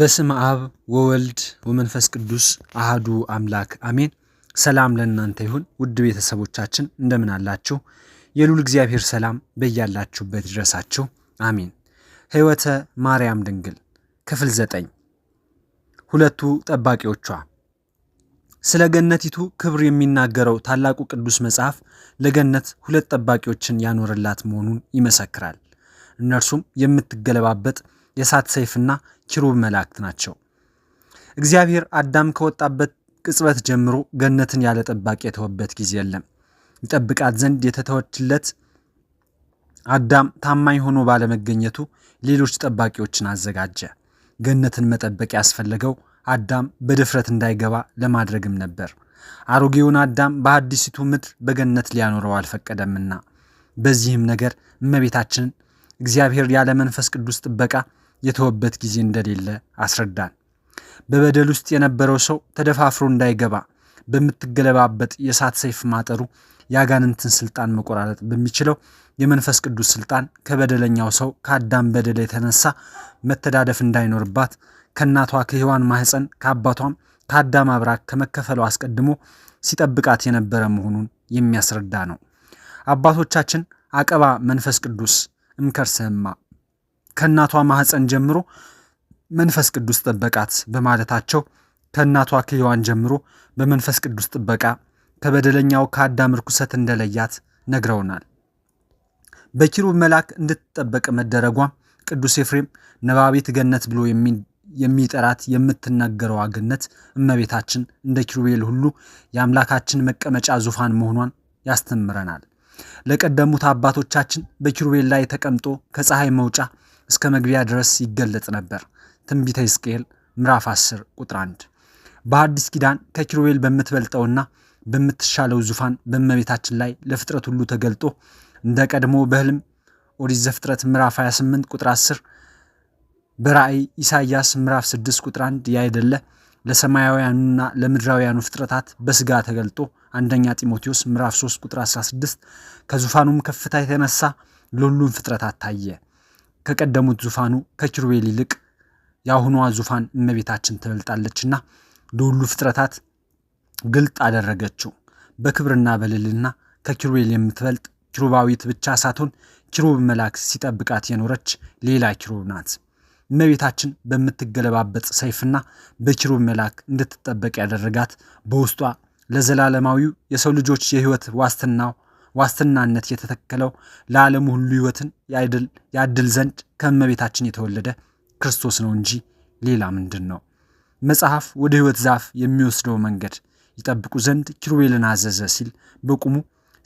በስም አብ ወወልድ ወመንፈስ ቅዱስ አህዱ አምላክ አሜን። ሰላም ለእናንተ ይሁን ውድ ቤተሰቦቻችን እንደምን አላችሁ? የሉል እግዚአብሔር ሰላም በያላችሁበት ድረሳችሁ አሜን። ሕይወተ ማርያም ድንግል ክፍል ዘጠኝ ሁለቱ ጠባቂዎቿ። ስለ ገነቲቱ ክብር የሚናገረው ታላቁ ቅዱስ መጽሐፍ ለገነት ሁለት ጠባቂዎችን ያኖርላት መሆኑን ይመሰክራል። እነርሱም የምትገለባበጥ የእሳት ሰይፍና ኪሩብ መላእክት ናቸው። እግዚአብሔር አዳም ከወጣበት ቅጽበት ጀምሮ ገነትን ያለ ጠባቂ የተወበት ጊዜ የለም። ይጠብቃት ዘንድ የተተወችለት አዳም ታማኝ ሆኖ ባለመገኘቱ ሌሎች ጠባቂዎችን አዘጋጀ። ገነትን መጠበቅ ያስፈለገው አዳም በድፍረት እንዳይገባ ለማድረግም ነበር። አሮጌውን አዳም በአዲሲቱ ምድር በገነት ሊያኖረው አልፈቀደምና። በዚህም ነገር እመቤታችንን እግዚአብሔር ያለ መንፈስ ቅዱስ ጥበቃ የተወበት ጊዜ እንደሌለ አስረዳን። በበደል ውስጥ የነበረው ሰው ተደፋፍሮ እንዳይገባ በምትገለባበጥ የእሳት ሰይፍ ማጠሩ የአጋንንትን ስልጣን መቆራረጥ በሚችለው የመንፈስ ቅዱስ ስልጣን ከበደለኛው ሰው ከአዳም በደል የተነሳ መተዳደፍ እንዳይኖርባት ከእናቷ ከሔዋን ማህፀን ከአባቷም ከአዳም አብራክ ከመከፈሉ አስቀድሞ ሲጠብቃት የነበረ መሆኑን የሚያስረዳ ነው። አባቶቻችን አቀባ መንፈስ ቅዱስ እምከርስህማ ከእናቷ ማህፀን ጀምሮ መንፈስ ቅዱስ ጠበቃት በማለታቸው ከእናቷ ከሔዋን ጀምሮ በመንፈስ ቅዱስ ጥበቃ ከበደለኛው ከአዳም ርኩሰት እንደለያት ነግረውናል። በኪሩብ መልአክ እንድትጠበቅ መደረጓም ቅዱስ ኤፍሬም ነባቤት ገነት ብሎ የሚጠራት የምትናገረው ገነት እመቤታችን እንደ ኪሩቤል ሁሉ የአምላካችን መቀመጫ ዙፋን መሆኗን ያስተምረናል። ለቀደሙት አባቶቻችን በኪሩቤል ላይ ተቀምጦ ከፀሐይ መውጫ እስከ መግቢያ ድረስ ይገለጽ ነበር። ትንቢተ ሕዝቅኤል ምዕራፍ 10 ቁጥር 1። በአዲስ ኪዳን ከኪሩቤል በምትበልጠውና በምትሻለው ዙፋን በእመቤታችን ላይ ለፍጥረት ሁሉ ተገልጦ እንደ ቀድሞ በህልም ኦሪት ዘፍጥረት ምዕራፍ 28 ቁጥር 10 በራእይ ኢሳይያስ ምዕራፍ 6 ቁጥር 1 ያይደለ ለሰማያውያኑና ለምድራውያኑ ፍጥረታት በስጋ ተገልጦ አንደኛ ጢሞቴዎስ ምዕራፍ 3 ቁጥር 16 ከዙፋኑም ከፍታ የተነሳ ለሁሉም ፍጥረታት ታየ። ከቀደሙት ዙፋኑ ከኪሩቤል ይልቅ የአሁኗ ዙፋን እመቤታችን ትበልጣለችና ለሁሉ ፍጥረታት ግልጥ አደረገችው። በክብርና በልልና ከኪሩቤል የምትበልጥ ኪሩባዊት ብቻ ሳትሆን ኪሩብ መልአክ ሲጠብቃት የኖረች ሌላ ኪሩብ ናት። እመቤታችን በምትገለባበጥ ሰይፍና በኪሩብ መልአክ እንድትጠበቅ ያደረጋት በውስጧ ለዘላለማዊው የሰው ልጆች የህይወት ዋስትናው ዋስትናነት የተተከለው ለዓለም ሁሉ ሕይወትን ያድል ዘንድ ከእመቤታችን የተወለደ ክርስቶስ ነው እንጂ ሌላ ምንድን ነው? መጽሐፍ ወደ ሕይወት ዛፍ የሚወስደው መንገድ ይጠብቁ ዘንድ ኪሩቤልን አዘዘ ሲል በቁሙ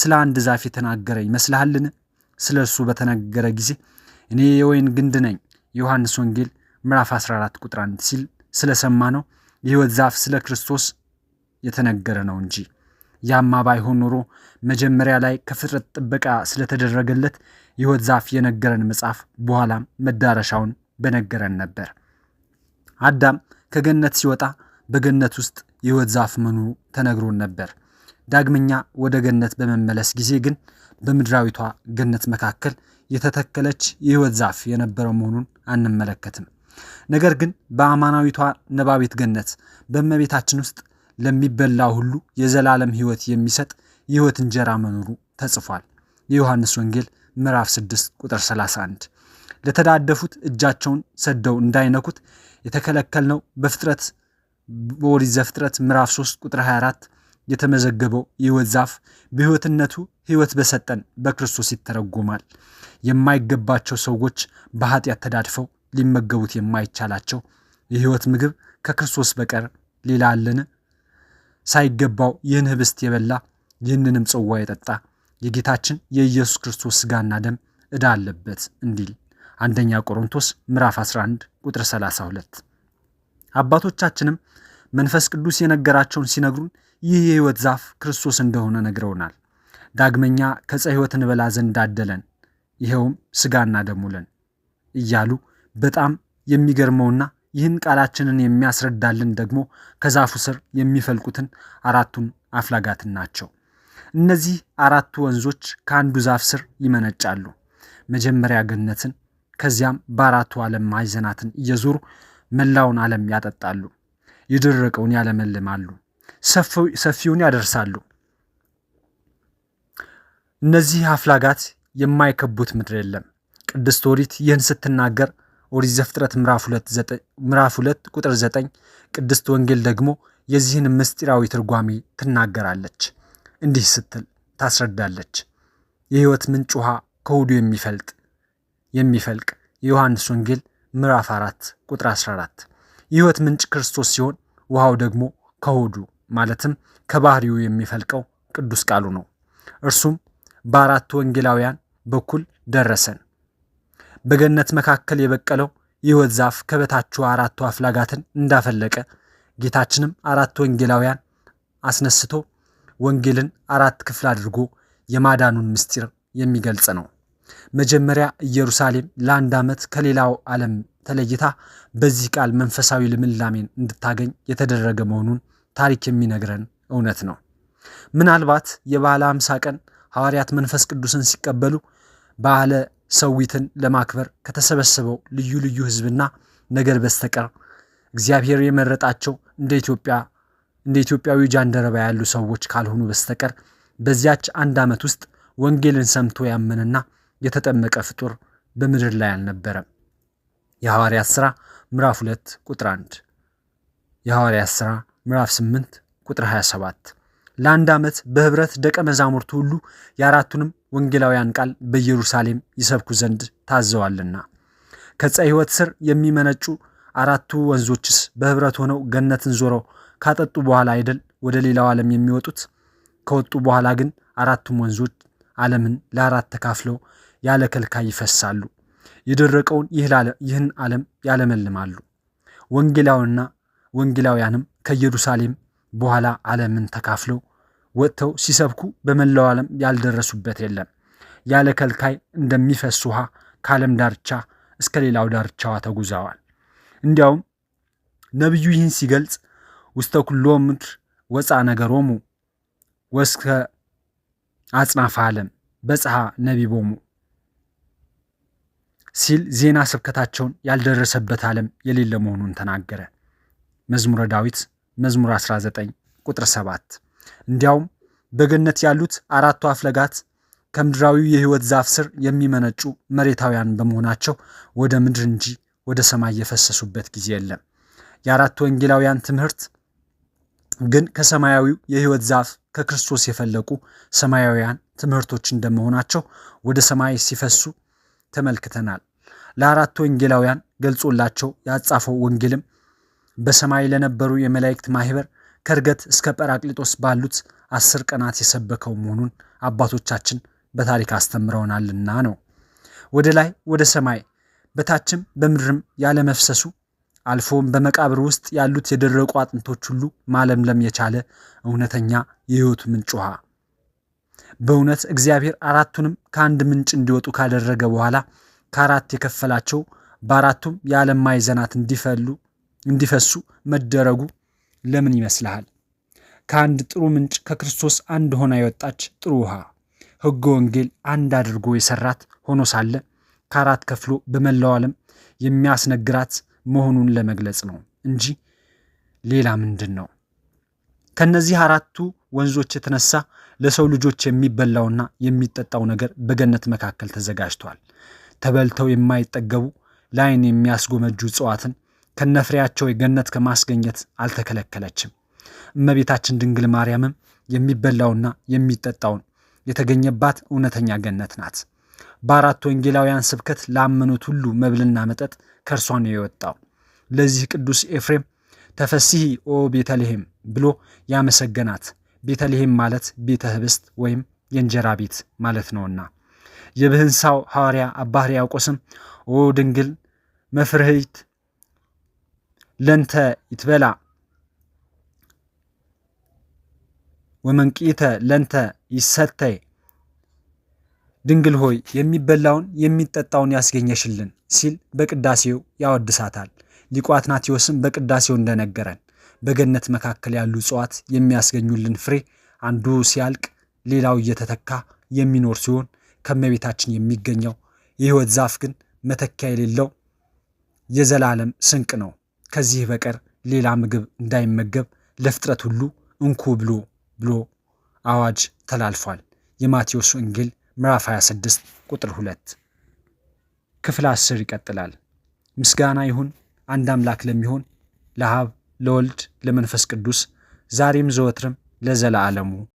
ስለ አንድ ዛፍ የተናገረ ይመስልሃልን? ስለ እርሱ በተነገረ ጊዜ እኔ የወይን ግንድ ነኝ ዮሐንስ ወንጌል ምዕራፍ 14 ቁጥር 1 ሲል ስለሰማ ነው የሕይወት ዛፍ ስለ ክርስቶስ የተነገረ ነው እንጂ ያማ ባይሆን ኖሮ መጀመሪያ ላይ ከፍጥረት ጥበቃ ስለተደረገለት ሕይወት ዛፍ የነገረን መጽሐፍ በኋላም መዳረሻውን በነገረን ነበር። አዳም ከገነት ሲወጣ በገነት ውስጥ የሕይወት ዛፍ መኖሩ ተነግሮን ነበር። ዳግመኛ ወደ ገነት በመመለስ ጊዜ ግን በምድራዊቷ ገነት መካከል የተተከለች የሕይወት ዛፍ የነበረው መሆኑን አንመለከትም። ነገር ግን በአማናዊቷ ነባቤት ገነት በእመቤታችን ውስጥ ለሚበላ ሁሉ የዘላለም ሕይወት የሚሰጥ የሕይወት እንጀራ መኖሩ ተጽፏል። የዮሐንስ ወንጌል ምዕራፍ 6 ቁጥር 31። ለተዳደፉት እጃቸውን ሰደው እንዳይነኩት የተከለከልነው በፍጥረት በኦሪት ዘፍጥረት ምዕራፍ 3 ቁጥር 24 የተመዘገበው የሕይወት ዛፍ በሕይወትነቱ ሕይወት በሰጠን በክርስቶስ ይተረጎማል። የማይገባቸው ሰዎች በኃጢአት ተዳድፈው ሊመገቡት የማይቻላቸው የሕይወት ምግብ ከክርስቶስ በቀር ሌላ አለን? ሳይገባው ይህን ህብስት የበላ ይህንንም ጽዋ የጠጣ የጌታችን የኢየሱስ ክርስቶስ ስጋና ደም ዕዳ አለበት እንዲል አንደኛ ቆሮንቶስ ምዕራፍ 11 ቁጥር 32። አባቶቻችንም መንፈስ ቅዱስ የነገራቸውን ሲነግሩን ይህ የህይወት ዛፍ ክርስቶስ እንደሆነ ነግረውናል። ዳግመኛ ከዕፀ ሕይወት እንበላ ዘንድ አደለን፣ ይኸውም ስጋና ደሙለን እያሉ በጣም የሚገርመውና ይህን ቃላችንን የሚያስረዳልን ደግሞ ከዛፉ ስር የሚፈልቁትን አራቱን አፍላጋትን ናቸው። እነዚህ አራቱ ወንዞች ከአንዱ ዛፍ ስር ይመነጫሉ። መጀመሪያ ገነትን፣ ከዚያም በአራቱ ዓለም ማዕዘናትን እየዞሩ መላውን ዓለም ያጠጣሉ። የደረቀውን ያለመልማሉ፣ ሰፊውን ያደርሳሉ። እነዚህ አፍላጋት የማይከቡት ምድር የለም። ቅድስት ኦሪት ይህን ስትናገር ኦሪት ዘፍጥረት ምዕራፍ ሁለት ቁጥር ዘጠኝ ቅድስት ወንጌል ደግሞ የዚህን ምስጢራዊ ትርጓሜ ትናገራለች። እንዲህ ስትል ታስረዳለች። የሕይወት ምንጭ ውሃ ከሆዱ የሚፈልጥ የሚፈልቅ የዮሐንስ ወንጌል ምዕራፍ 4 ቁጥር 14 የሕይወት ምንጭ ክርስቶስ ሲሆን ውሃው ደግሞ ከሆዱ ማለትም ከባህሪው የሚፈልቀው ቅዱስ ቃሉ ነው። እርሱም በአራቱ ወንጌላውያን በኩል ደረሰን። በገነት መካከል የበቀለው የሕይወት ዛፍ ከበታችሁ አራቱ አፍላጋትን እንዳፈለቀ ጌታችንም አራት ወንጌላውያን አስነስቶ ወንጌልን አራት ክፍል አድርጎ የማዳኑን ምስጢር የሚገልጽ ነው። መጀመሪያ ኢየሩሳሌም ለአንድ ዓመት ከሌላው ዓለም ተለይታ በዚህ ቃል መንፈሳዊ ልምላሜን እንድታገኝ የተደረገ መሆኑን ታሪክ የሚነግረን እውነት ነው። ምናልባት የበዓለ ሃምሳ ቀን ሐዋርያት መንፈስ ቅዱስን ሲቀበሉ በዓለ ሰዊትን ለማክበር ከተሰበሰበው ልዩ ልዩ ህዝብና ነገር በስተቀር እግዚአብሔር የመረጣቸው እንደ ኢትዮጵያ እንደ ኢትዮጵያዊ ጃንደረባ ያሉ ሰዎች ካልሆኑ በስተቀር በዚያች አንድ ዓመት ውስጥ ወንጌልን ሰምቶ ያመነና የተጠመቀ ፍጡር በምድር ላይ አልነበረም። የሐዋርያት ሥራ ምዕራፍ 2 ቁጥር 1 የሐዋርያት ሥራ ምዕራፍ 8 ቁጥር 27 ለአንድ ዓመት በህብረት ደቀ መዛሙርቱ ሁሉ የአራቱንም ወንጌላውያን ቃል በኢየሩሳሌም ይሰብኩ ዘንድ ታዘዋልና። ከዕፀ ሕይወት ስር የሚመነጩ አራቱ ወንዞችስ በህብረት ሆነው ገነትን ዞረው ካጠጡ በኋላ አይደል ወደ ሌላው ዓለም የሚወጡት? ከወጡ በኋላ ግን አራቱም ወንዞች ዓለምን ለአራት ተካፍለው ያለ ከልካይ ይፈሳሉ። የደረቀውን ይህን ዓለም ያለመልማሉ። ወንጌላውና ወንጌላውያንም ከኢየሩሳሌም በኋላ ዓለምን ተካፍለው ወጥተው ሲሰብኩ በመላው ዓለም ያልደረሱበት የለም። ያለ ከልካይ እንደሚፈስ ውሃ ከዓለም ዳርቻ እስከ ሌላው ዳርቻዋ ተጉዘዋል። እንዲያውም ነቢዩ ይህን ሲገልጽ ውስተ ኩሎ ምድር ወፃ ነገሮሙ ወስከ አጽናፈ ዓለም በጽሐ ነቢቦሙ ሲል ዜና ስብከታቸውን ያልደረሰበት ዓለም የሌለ መሆኑን ተናገረ። መዝሙረ ዳዊት መዝሙር 19 ቁጥር 7 እንዲያውም በገነት ያሉት አራቱ አፍለጋት ከምድራዊው የሕይወት ዛፍ ስር የሚመነጩ መሬታውያን በመሆናቸው ወደ ምድር እንጂ ወደ ሰማይ የፈሰሱበት ጊዜ የለም። የአራት ወንጌላውያን ትምህርት ግን ከሰማያዊው የሕይወት ዛፍ ከክርስቶስ የፈለቁ ሰማያውያን ትምህርቶች እንደመሆናቸው ወደ ሰማይ ሲፈሱ ተመልክተናል። ለአራቱ ወንጌላውያን ገልጾላቸው ያጻፈው ወንጌልም በሰማይ ለነበሩ የመላእክት ማህበር ከእርገት እስከ ጰራቅሊጦስ ባሉት አስር ቀናት የሰበከው መሆኑን አባቶቻችን በታሪክ አስተምረውናልና ነው። ወደ ላይ ወደ ሰማይ በታችም በምድርም ያለመፍሰሱ አልፎም በመቃብር ውስጥ ያሉት የደረቁ አጥንቶች ሁሉ ማለምለም የቻለ እውነተኛ የሕይወት ምንጭ ውሃ። በእውነት እግዚአብሔር አራቱንም ከአንድ ምንጭ እንዲወጡ ካደረገ በኋላ ከአራት የከፈላቸው በአራቱም የዓለም ማዕዘናት እንዲፈሉ እንዲፈሱ መደረጉ ለምን ይመስልሃል? ከአንድ ጥሩ ምንጭ ከክርስቶስ አንድ ሆና የወጣች ጥሩ ውሃ ሕገ ወንጌል አንድ አድርጎ የሰራት ሆኖ ሳለ ከአራት ከፍሎ በመላው ዓለም የሚያስነግራት መሆኑን ለመግለጽ ነው እንጂ ሌላ ምንድን ነው? ከእነዚህ አራቱ ወንዞች የተነሳ ለሰው ልጆች የሚበላውና የሚጠጣው ነገር በገነት መካከል ተዘጋጅቷል። ተበልተው የማይጠገቡ ለዓይን የሚያስጎመጁ እጽዋትን ከነፍሬያቸው የገነት ከማስገኘት አልተከለከለችም። እመቤታችን ድንግል ማርያምም የሚበላውና የሚጠጣውን የተገኘባት እውነተኛ ገነት ናት። በአራት ወንጌላውያን ስብከት ላመኑት ሁሉ መብልና መጠጥ ከእርሷ ነው የወጣው። ለዚህ ቅዱስ ኤፍሬም ተፈሲሂ ኦ ቤተልሔም ብሎ ያመሰገናት ቤተልሔም ማለት ቤተ ህብስት ወይም የእንጀራ ቤት ማለት ነውና የብህንሳው ሐዋርያ አባ ሕርያቆስም ኦ ድንግል መፍርህይት ለንተ ይትበላ ወመንቂተ ለንተ ይሰተይ ድንግል ሆይ የሚበላውን የሚጠጣውን ያስገኘሽልን ሲል በቅዳሴው ያወድሳታል። ሊቁ አትናቴዎስም በቅዳሴው እንደነገረን በገነት መካከል ያሉ እጽዋት የሚያስገኙልን ፍሬ አንዱ ሲያልቅ ሌላው እየተተካ የሚኖር ሲሆን ከመቤታችን የሚገኘው የሕይወት ዛፍ ግን መተኪያ የሌለው የዘላለም ስንቅ ነው። ከዚህ በቀር ሌላ ምግብ እንዳይመገብ ለፍጥረት ሁሉ እንኩ ብሉ ብሎ አዋጅ ተላልፏል። የማቴዎስ ወንጌል ምዕራፍ 26 ቁጥር 2 ክፍል 10 ይቀጥላል። ምስጋና ይሁን አንድ አምላክ ለሚሆን ለአብ ለወልድ ለመንፈስ ቅዱስ ዛሬም ዘወትርም ለዘላለሙ